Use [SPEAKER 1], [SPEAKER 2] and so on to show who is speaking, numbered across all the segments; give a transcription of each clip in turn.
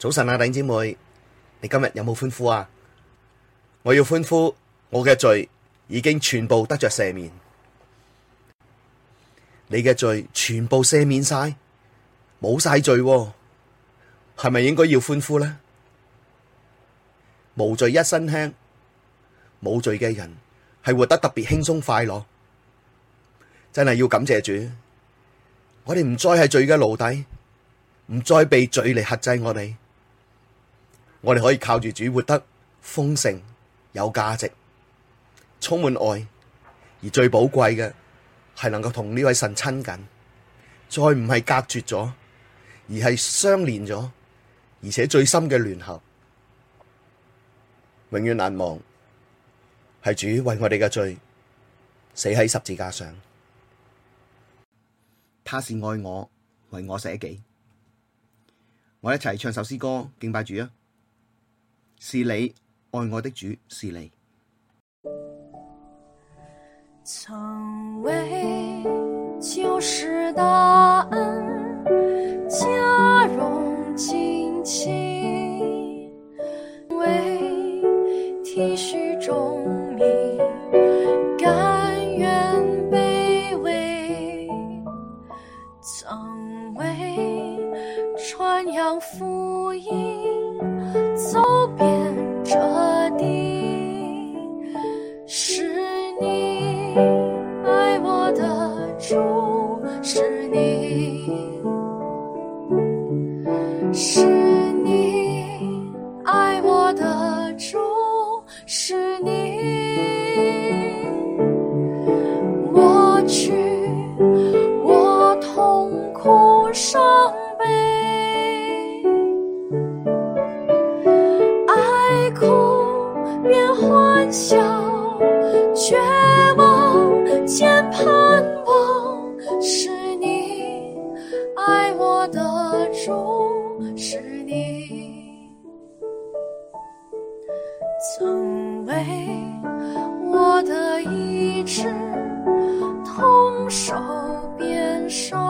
[SPEAKER 1] 早晨啊，弟姊妹，你今日有冇歡呼啊？我要歡呼，我嘅罪已經全部得着赦免，你嘅罪全部赦免晒，冇晒罪，啊，係咪應該要歡呼呢？無罪一身輕，冇罪嘅人係活得特別輕鬆快樂，真係要感謝主，我哋唔再係罪嘅奴隸，唔再被罪嚟克制我哋。我哋可以靠住主活得豐盛、有價值、充滿愛，而最寶貴嘅係能夠同呢位神親近，再唔係隔絕咗，而係相連咗，而且最深嘅聯合，永遠難忘係主為我哋嘅罪死喺十字架上，他是愛我，為我捨己。我一齊唱首詩歌敬拜主啊！是你愛我的主，是
[SPEAKER 2] 你。曾為救世大恩，家榮盡棄。走遍。曾為我得醫治，痛受鞭傷。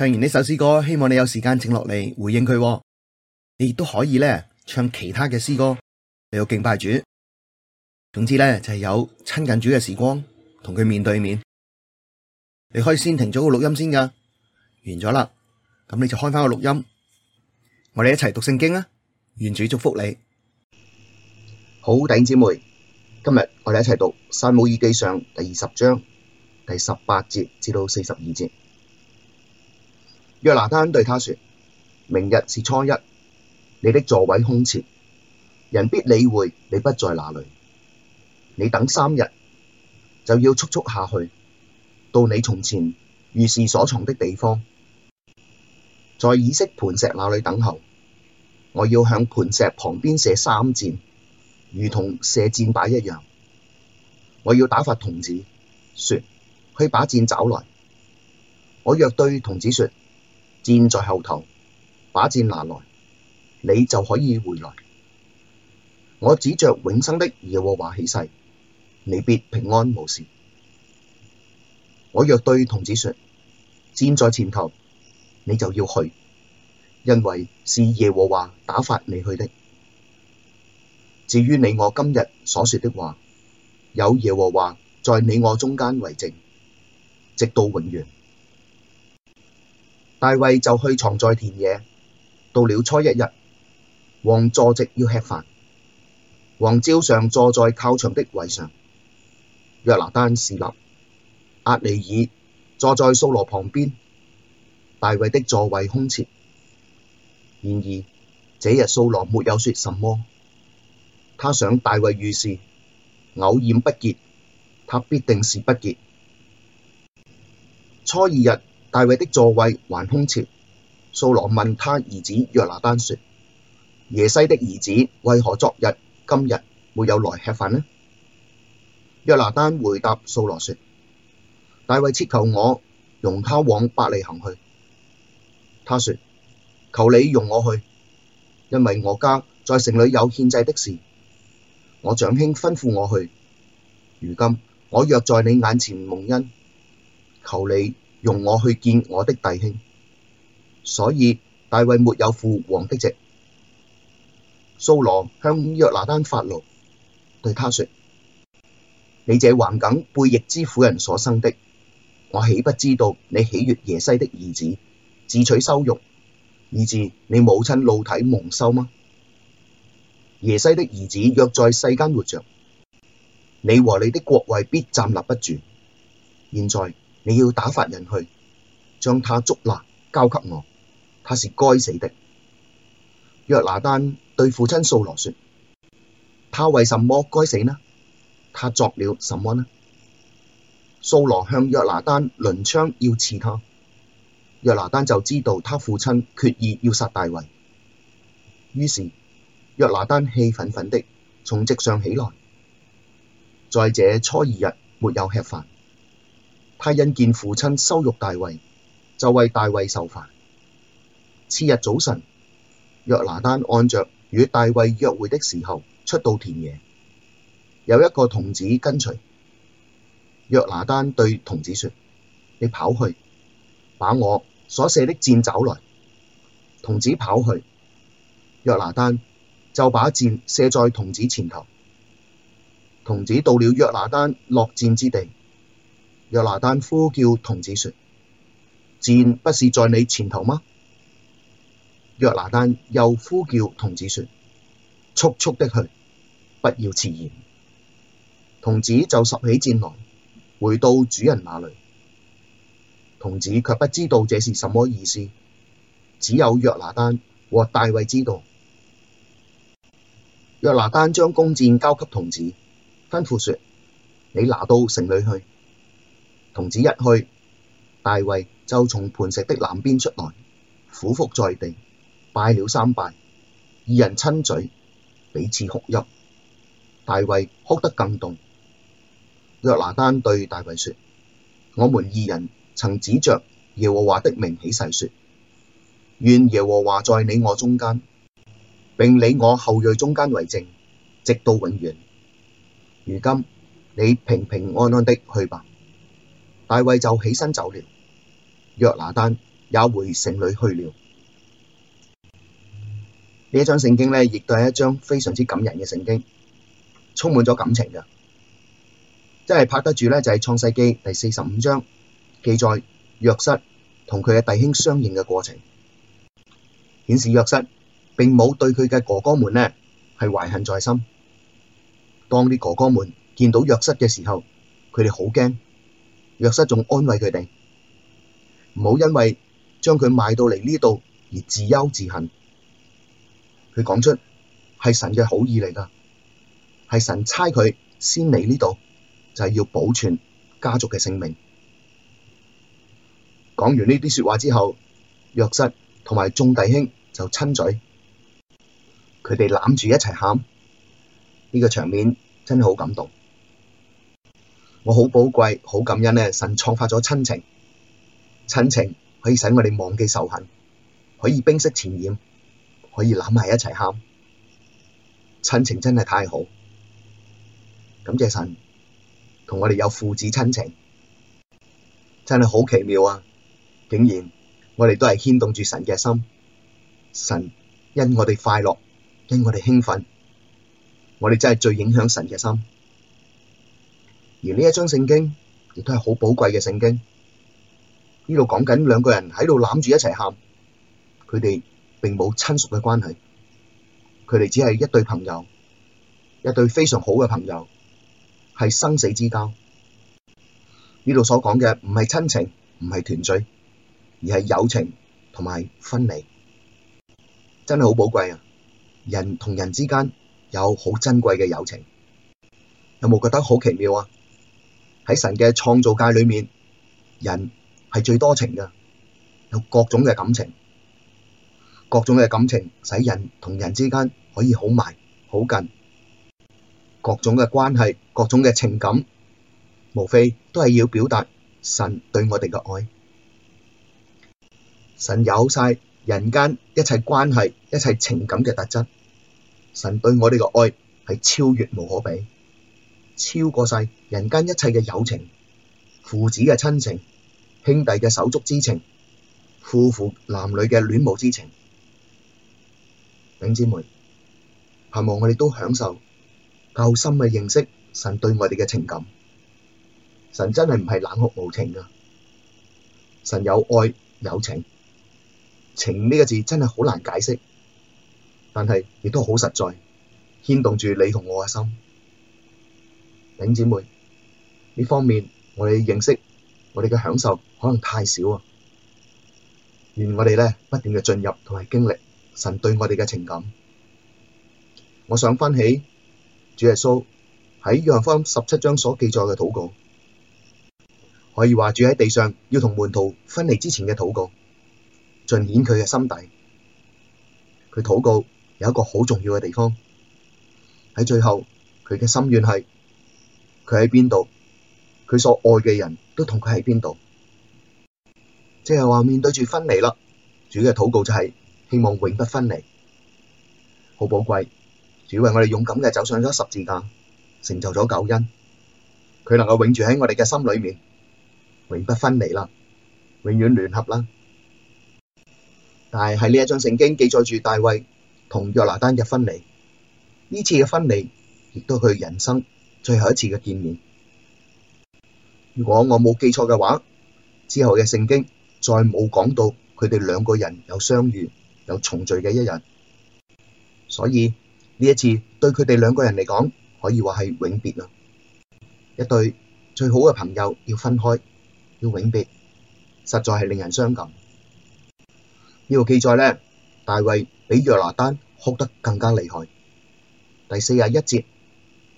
[SPEAKER 1] 唱完呢首詩歌，希望你有時間靜落嚟回應佢。你亦都可以咧唱其他嘅詩歌，你要敬拜主。總之咧就係、是、有親近主嘅時光，同佢面對面。你可以先停咗個錄音先噶，完咗啦，咁你就開返個錄音，我哋一齊讀聖經啊。願主祝福你，好，弟兄姐妹，今日我哋一齊讀《撒母耳記上》第二十章第十八節至到四十二節。約拿單對他說：明日是初一，你的座位空設，人必理會你不在那裏。你等三日，就要速速下去，到你從前遇事所藏的地方，在以色磐石那裏等候。我要向磐石旁邊射三箭，如同射箭靶一樣。我要打發童子說：去把箭找來。我若對童子說。箭在後頭，把箭拿來，你就可以回來。我指着永生的耶和華起誓，你必平安無事。我若對童子說，箭在前頭，你就要去，因為是耶和華打發你去的。至於你我今日所說的話，有耶和華在你我中間為證，直到永遠。大衛就去藏在田野。到了初一日，王坐席要吃飯，王照常坐在靠牆的位上，約拿單侍立，押尼珥坐在掃羅旁邊，大衛的座位空設。然而這日掃羅沒有說什麼，他想大衛遇事，偶然不潔，他必定是不潔。初二日。大衛的座位還空設。掃羅問他兒子約拿單說：耶西的兒子為何昨日、今日沒有來吃飯呢？約拿單回答掃羅說：大衛切求我容他往伯利恆去。他說：求你容我去，因為我家在城裡有獻祭的事，我長兄吩咐我去。如今我若在你眼前蒙恩，求你。容我去見我的弟兄，所以大衛沒有赴王的席。掃羅向約拿單發怒，對他說：你這頑梗背逆之婦人所生的，我豈不知道你喜悅耶西的兒子，自取羞辱，以致你母親露體蒙羞嗎？耶西的兒子若在世間活着，你和你的國位必站立不住。現在。你要打發人去，將他捉拿交給我，他是該死的。約拿單對父親掃羅說：他為什麼該死呢？他作了什麼呢？掃羅向約拿單掄槍要刺他，約拿單就知道他父親決意要殺大衛，於是約拿單氣憤憤的從席上起來，在這初二日沒有吃飯。他因見父親羞辱大衛，就為大衛愁煩。次日早晨，約拿單按着與大衛約會的時候，出到田野，有一個童子跟隨。約拿單對童子說：你跑去，把我所射的箭找來。童子跑去，約拿單就把箭射在童子前頭。童子到了約拿單落箭之地。約拿單呼叫童子說：箭不是在你前頭嗎？約拿單又呼叫童子說：速速的去，不要遲延。童子就拾起箭來，回到主人那裡。童子卻不知道這是什麼意思，只有約拿單和大衛知道。約拿單將弓箭交給童子，吩咐說：你拿到城裡去。童子一去，大衛就從磐石的南邊出來，俯伏在地，拜了三拜。二人親嘴，彼此哭泣。大衛哭得更慟。約拿單對大衛說：我們二人曾指着耶和華的名起誓說，願耶和華在你我中間，並你我後裔中間為證，直到永遠。如今你平平安安的去吧。大衛就起身走了，約拿單也回城裏去了。呢一張聖經呢，亦都係一張非常之感人嘅聖經，充滿咗感情㗎。真係拍得住呢，就係、是、創世記第四十五章記載約瑟同佢嘅弟兄相認嘅過程，顯示約瑟並冇對佢嘅哥哥們呢係懷恨在心。當啲哥哥們見到約瑟嘅時候，佢哋好驚。約瑟仲安慰佢哋，唔好因為將佢賣到嚟呢度而自憂自恨。佢講出係神嘅好意嚟噶，係神差佢先嚟呢度，就係、是、要保存家族嘅性命。講完呢啲說話之後，約瑟同埋眾弟兄就親嘴，佢哋攬住一齊喊，呢、這個場面真係好感動。我好寶貴，好感恩咧！神創發咗親情，親情可以使我哋忘記仇恨，可以冰釋前嫌，可以攬埋一齊喊。親情真係太好，感謝神同我哋有父子親情，真係好奇妙啊！竟然我哋都係牽動住神嘅心，神因我哋快樂，因我哋興奮，我哋真係最影響神嘅心。而呢一章聖經亦都係好寶貴嘅聖經。呢度講緊兩個人喺度攬住一齊喊，佢哋並冇親屬嘅關係，佢哋只係一對朋友，一對非常好嘅朋友，係生死之交。呢度所講嘅唔係親情，唔係團聚，而係友情同埋分離，真係好寶貴啊！人同人之間有好珍貴嘅友情，有冇覺得好奇妙啊？喺神嘅創造界裏面，人係最多情㗎，有各種嘅感情，各種嘅感情使人同人之間可以好埋好近，各種嘅關係，各種嘅情感，無非都係要表達神對我哋嘅愛。神有晒人間一切關係、一切情感嘅特質，神對我哋嘅愛係超越無可比。超過晒人間一切嘅友情、父子嘅親情、兄弟嘅手足之情、夫婦男女嘅戀慕之情，弟兄姊妹，盼望我哋都享受夠深嘅認識神對我哋嘅情感。神真係唔係冷酷無情噶神有愛有情，情呢個字真係好難解釋，但係亦都好實在，牽動住你同我嘅心。頂姐妹，呢方面我哋認識我哋嘅享受可能太少啊，願我哋呢不斷嘅進入同埋經歷神對我哋嘅情感。我想翻起主耶穌喺約翰福音十七章所記載嘅禱告，可以話住喺地上要同門徒分離之前嘅禱告，盡顯佢嘅心底。佢禱告有一個好重要嘅地方，喺最後佢嘅心願係，佢喺邊度？佢所愛嘅人都同佢喺邊度？即係話面對住分離啦，主嘅禱告就係希望永不分離，好寶貴。主為我哋勇敢嘅走上咗十字架，成就咗救恩，佢能夠永住喺我哋嘅心裏面，永不分離啦，永遠聯合啦。但係喺呢一張聖經記載住大衛同約拿單嘅分離，呢次嘅分離亦都係人生最後一次嘅見面，如果我冇記錯嘅話，之後嘅聖經再冇講到佢哋兩個人有相遇、有重聚嘅一日，所以呢一次對佢哋兩個人嚟講，可以話係永別啦。一對最好嘅朋友要分開，要永別，實在係令人傷感。呢個記載咧，大衛比約拿單哭得更加厲害。第四十一節。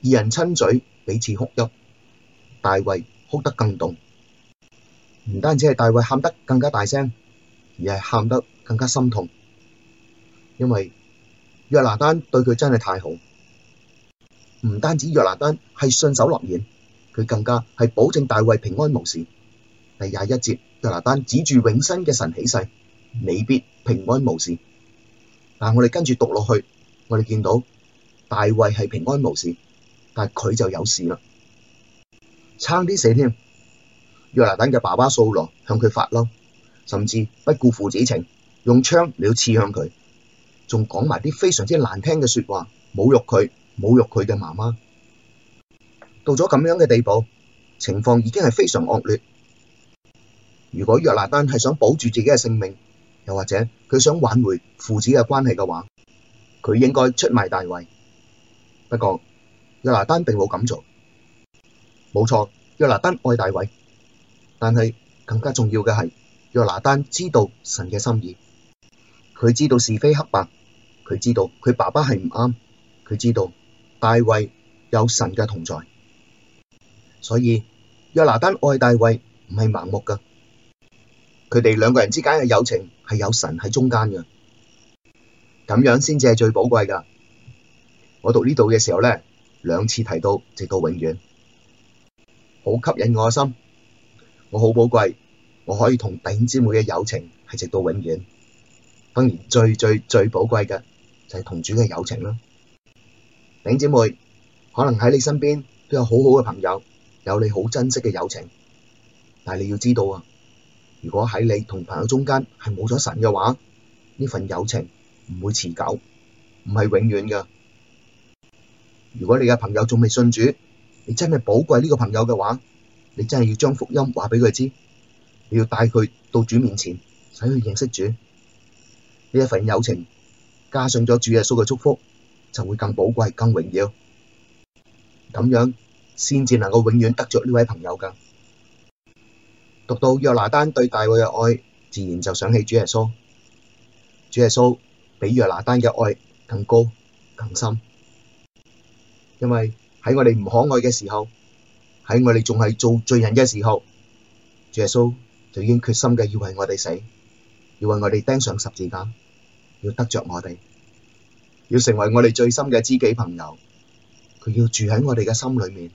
[SPEAKER 1] 二人親嘴，彼此哭泣。大衛哭得更慟，唔單止係大衛喊得更加大聲，而係喊得更加心痛，因為約拿單對佢真係太好。唔單止約拿單係信守諾言，佢更加係保證大衛平安無事。第廿一節，約拿單指住永生嘅神起誓，未必平安無事。但係我哋跟住讀落去，我哋見到大衛係平安無事。但佢就有事啦，差啲死添。約拿單嘅爸爸掃羅向佢發嬲，甚至不顧父子情，用槍嚟刺向佢，仲講埋啲非常之難聽嘅說話，侮辱佢，侮辱佢嘅媽媽。到咗咁樣嘅地步，情況已經係非常惡劣。如果約拿單係想保住自己嘅性命，又或者佢想挽回父子嘅關係嘅話，佢應該出賣大衛。不過，約拿單並冇咁做，冇錯。約拿單愛大衛，但係更加重要嘅係約拿單知道神嘅心意，佢知道是非黑白，佢知道佢爸爸係唔啱，佢知道大衛有神嘅同在，所以約拿單愛大衛唔係盲目㗎，佢哋兩個人之間嘅友情係有神喺中間嘅，咁樣先至係最寶貴㗎。我讀呢度嘅時候咧。兩次提到，直到永遠，好吸引我嘅心。我好寶貴，我可以同頂姊妹嘅友情係直到永遠。當然，最最最寶貴嘅就係同主嘅友情啦。頂姊妹，可能喺你身邊都有好好嘅朋友，有你好珍惜嘅友情。但係你要知道啊，如果喺你同朋友中間係冇咗神嘅話，呢份友情唔會持久，唔係永遠嘅。如果你嘅朋友仲未信主，你真係寶貴呢個朋友嘅話，你真係要將福音話畀佢知，你要帶佢到主面前，使佢認識主。呢一份友情加上咗主耶穌嘅祝福，就會更寶貴、更榮耀。咁樣先至能夠永遠得着呢位朋友㗎。讀到約拿單對大衛嘅愛，自然就想起主耶穌。主耶穌比約拿單嘅愛更高、更深。因為喺我哋唔可愛嘅時候，喺我哋仲係做罪人嘅時候，耶穌就已經決心嘅要為我哋死，要為我哋釘上十字架，要得着我哋，要成為我哋最深嘅知己朋友。佢要住喺我哋嘅心裏面，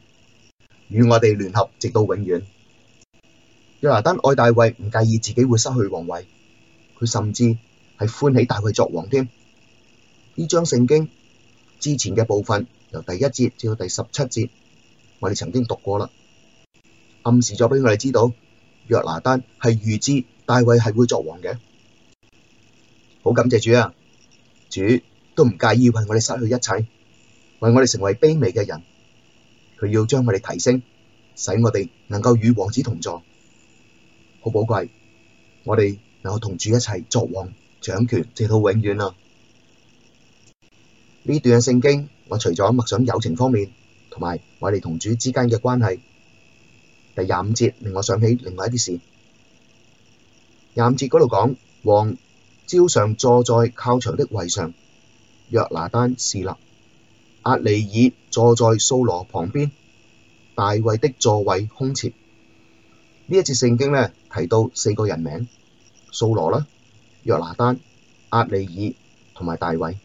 [SPEAKER 1] 與我哋聯合，直到永遠。約拿單愛大衛，唔介意自己會失去皇位，佢甚至係歡喜大衛作王添。呢章聖經之前嘅部分。由第一節至到第十七節，我哋曾經讀過啦，暗示咗畀我哋知道，約拿單係預知大衛係會作王嘅。好感謝主啊！主都唔介意為我哋失去一切，為我哋成為卑微嘅人，佢要將我哋提升，使我哋能夠與王子同坐。好寶貴，我哋能夠同主一齊作王、掌權，直到永遠啊！呢段嘅聖經。我除咗默想友情方面，同埋我哋同主之間嘅關係，第廿五節令我想起另外一啲事。廿五節嗰度講，王照常坐在靠牆的位上，約拿單侍立，押尼珥坐在掃羅旁邊，大衛的座位空設。呢一節聖經呢提到四個人名：掃羅啦、約拿單、押尼珥同埋大衛。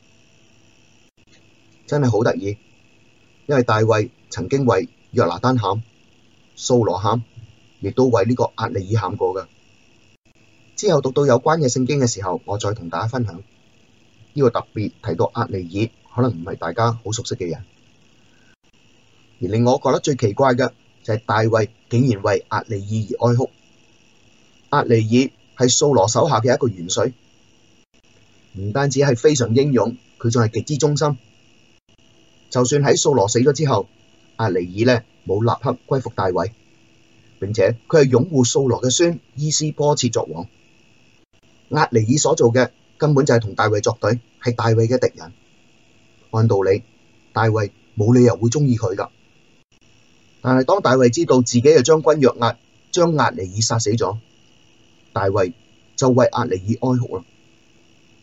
[SPEAKER 1] 真係好得意，因為大衛曾經為約拿單喊、掃羅喊，亦都為呢個押尼珥喊過㗎。之後讀到有關嘅聖經嘅時候，我再同大家分享，呢個特別提到押尼珥，可能唔係大家好熟悉嘅人。而令我覺得最奇怪嘅就係大衛竟然為押尼珥而哀哭。押尼珥係掃羅手下嘅一個元帥，唔單止係非常英勇，佢仲係極之忠心。就算喺掃羅死咗之後，押尼珥呢，冇立刻歸服大衛，並且佢係擁護掃羅嘅孫伊斯波切作王。押尼珥所做嘅根本就係同大衛作對，係大衛嘅敵人。按道理，大衛冇理由會中意佢噶。但係當大衛知道自己嘅將軍約押將押尼珥殺死咗，大衛就為押尼珥哀哭啦。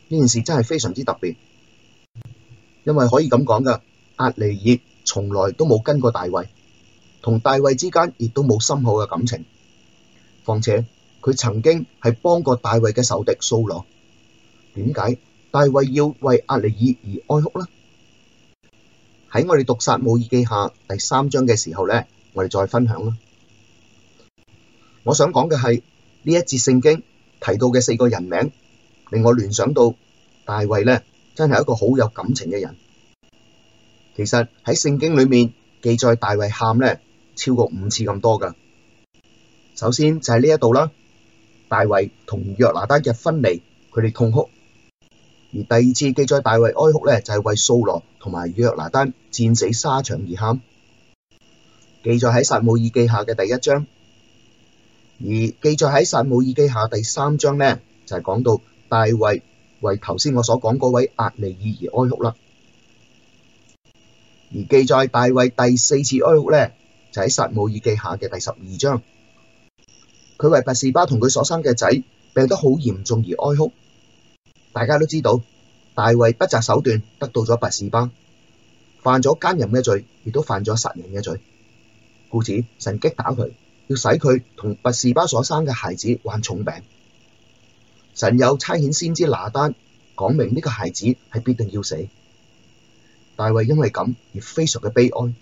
[SPEAKER 1] 呢件事真係非常之特別，因為可以咁講噶。押尼珥從來都冇跟過大衛，同大衛之間亦都冇深厚嘅感情。況且佢曾經係幫過大衛嘅仇敵掃羅。點解大衛要為押尼珥而哀哭呢？喺我哋讀撒母耳記下第三章嘅時候咧，我哋再分享啦。我想講嘅係呢一節聖經提到嘅四個人名，令我聯想到大衛咧，真係一個好有感情嘅人。其實喺聖經裏面記載大衛喊呢，超過五次咁多噶。首先就係呢一度啦，大衛同約拿單嘅分離，佢哋痛哭。而第二次記載大衛哀哭呢，就係、是、為掃羅同埋約拿單戰死沙場而喊，記載喺撒母耳記下嘅第一章。而記載喺撒母耳記下第三章呢，就係、是、講到大衛為頭先我所講嗰位押尼珥而哀哭啦。而記載大衛第四次哀哭咧，就喺、是、撒母耳記下嘅第十二章。佢為拔士巴同佢所生嘅仔病得好嚴重而哀哭。大家都知道，大衛不擇手段得到咗拔士巴，犯咗奸淫嘅罪，亦都犯咗殺人嘅罪，故此神擊打佢，要使佢同拔士巴所生嘅孩子患重病。神有差遣先知拿單，講明呢個孩子係必定要死。大衛因為咁而非常嘅悲哀，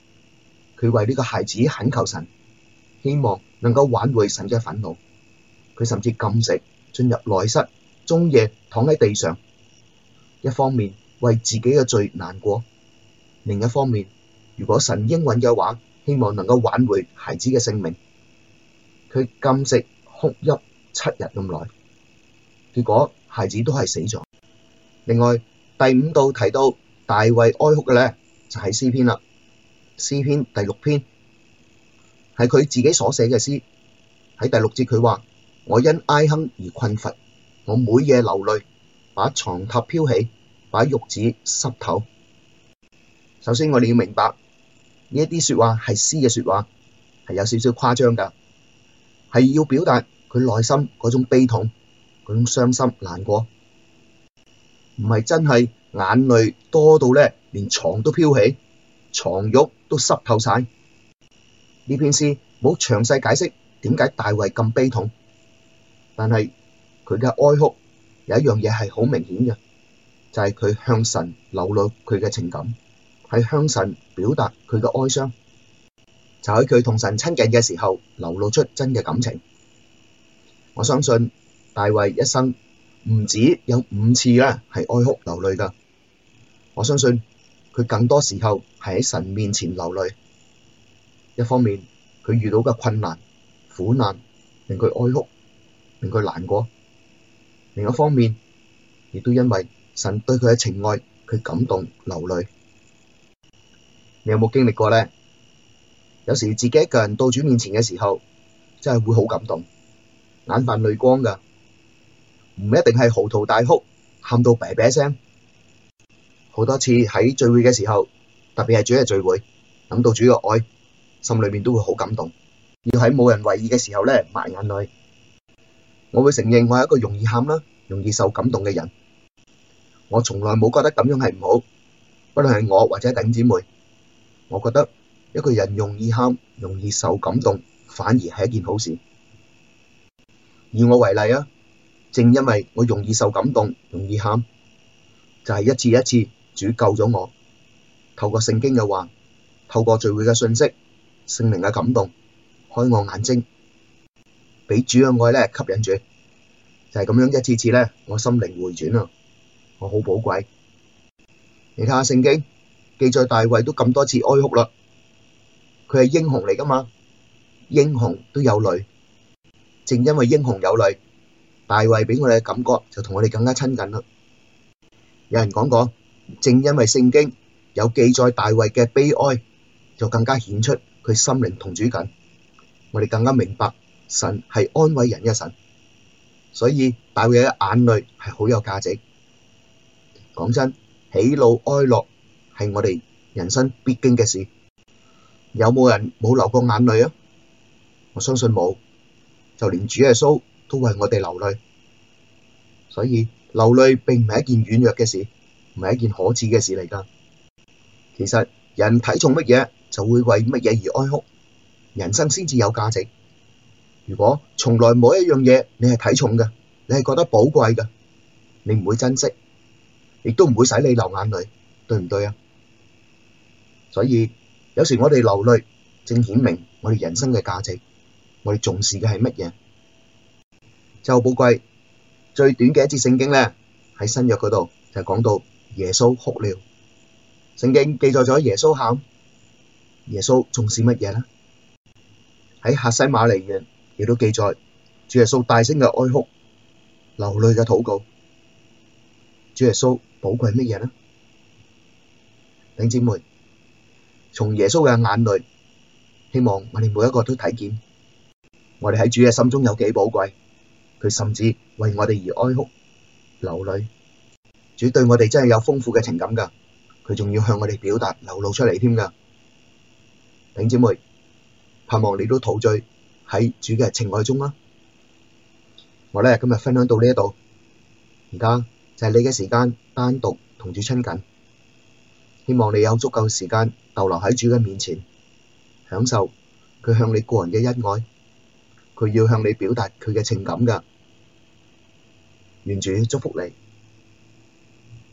[SPEAKER 1] 佢為呢個孩子懇求神，希望能夠挽回神嘅憤怒。佢甚至禁食，進入內室，終夜躺喺地上，一方面為自己嘅罪難過，另一方面如果神應允嘅話，希望能夠挽回孩子嘅性命。佢禁食哭泣七日咁耐，結果孩子都係死咗。另外第五度提到。大衛哀哭嘅咧，就喺、是、詩篇啦。詩篇第六篇係佢自己所寫嘅詩。喺第六節佢話：我因哀哼而困乏，我每夜流淚，把床榻飄起，把褥子濕透。首先，我哋要明白呢一啲說話係詩嘅說話，係有少少誇張㗎，係要表達佢內心嗰種悲痛、嗰種傷心難過，唔係真係。眼淚多到咧，連床都飄起，床褥都濕透晒。呢篇詩冇詳細解釋點解大衛咁悲痛，但係佢嘅哀哭有一樣嘢係好明顯嘅，就係、是、佢向神流露佢嘅情感，係向神表達佢嘅哀傷，就喺佢同神親近嘅時候流露出真嘅感情。我相信大衛一生唔止有五次咧係哀哭流淚噶。我相信佢更多時候係喺神面前流淚。一方面，佢遇到嘅困難、苦難令佢哀哭，令佢難過；另一方面，亦都因為神對佢嘅情愛，佢感動流淚。你有冇經歷過咧？有時自己一個人到主面前嘅時候，真係會好感動，眼泛淚光㗎，唔一定係嚎啕大哭，喊到啤啤聲。好多次喺聚會嘅時候，特別係主嘅聚會，諗到主嘅愛，心裏面都會好感動。要喺冇人為意嘅時候咧，抹眼淚。我會承認我係一個容易喊啦、容易受感動嘅人。我從來冇覺得咁樣係唔好。不論係我或者弟姊妹，我覺得一個人容易喊、容易受感動，反而係一件好事。以我為例啊，正因為我容易受感動、容易喊，就係、是、一次一次。主救咗我，透過聖經嘅話，透過聚會嘅信息，聖靈嘅感動，開我眼睛，俾主嘅愛咧吸引住，就係咁樣，一次次咧，我心靈回轉啊！我好寶貴。你睇下聖經記載，大衛都咁多次哀哭啦，佢係英雄嚟噶嘛？英雄都有淚，正因為英雄有淚，大衛俾我哋嘅感覺就同我哋更加親近啦。有人講過。正因為聖經有記載大衛嘅悲哀，就更加顯出佢心靈同主緊。我哋更加明白神係安慰人嘅神，所以大衛嘅眼淚係好有價值。講真，喜怒哀樂係我哋人生必經嘅事，有冇人冇流過眼淚啊？我相信冇，就連主耶穌都為我哋流淚，所以流淚並唔係一件軟弱嘅事。唔係一件可恥嘅事嚟噶。其實人睇重乜嘢，就會為乜嘢而哀哭。人生先至有價值。如果從來冇一樣嘢你係睇重嘅，你係覺得寶貴嘅，你唔會珍惜，亦都唔會使你流眼淚，對唔對啊？所以有時我哋流淚，正顯明我哋人生嘅價值，我哋重視嘅係乜嘢？就寶貴。最短嘅一節聖經咧，喺新約嗰度就講到。耶穌哭了，聖經記載咗耶穌喊，耶穌重視乜嘢呢？喺《客西馬尼園》亦都記載，主耶穌大聲嘅哀哭，流淚嘅禱告。主耶穌寶貴乜嘢呢？弟兄們，從耶穌嘅眼淚，希望我哋每一個都睇見，我哋喺主嘅心中有幾寶貴，佢甚至為我哋而哀哭流淚。主對我哋真係有豐富嘅情感噶，佢仲要向我哋表達流露出嚟添噶。弟兄姐妹，盼望你都陶醉喺主嘅情愛中啊！我呢今日分享到呢一度，而家就係你嘅時間，單獨同主親近，希望你有足夠時間逗留喺主嘅面前，享受佢向你個人嘅恩愛，佢要向你表達佢嘅情感噶。願主祝福你。